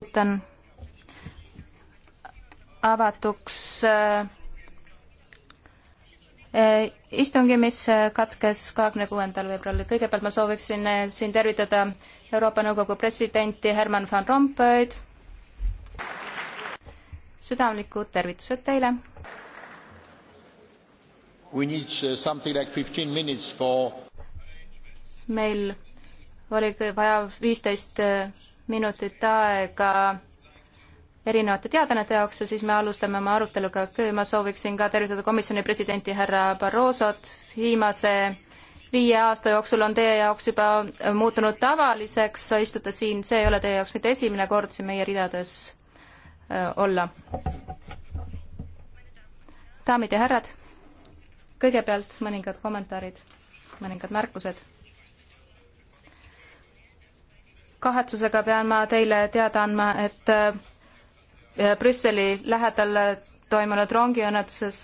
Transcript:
kuulutan avatuks äh, äh, istungi, mis äh, katkes kahekümne kuuendal veebruaril. kõigepealt ma sooviksin siin tervitada Euroopa Nõukogu presidenti Herman van Rompuyd. südamlikud tervitused teile. Uh, like for... meil oli vaja viisteist 15 minutit aega erinevate teadannete jaoks ja siis me alustame oma aruteluga. ma sooviksin ka tervitada komisjoni presidenti härra Barrosot. viimase viie aasta jooksul on teie jaoks juba muutunud tavaliseks istuda siin, see ei ole teie jaoks mitte esimene kord siin meie ridades äh, olla. daamid ja härrad, kõigepealt mõningad kommentaarid, mõningad märkused kahetsusega pean ma teile teada andma, et äh, Brüsseli lähedal toimunud rongiõnnetuses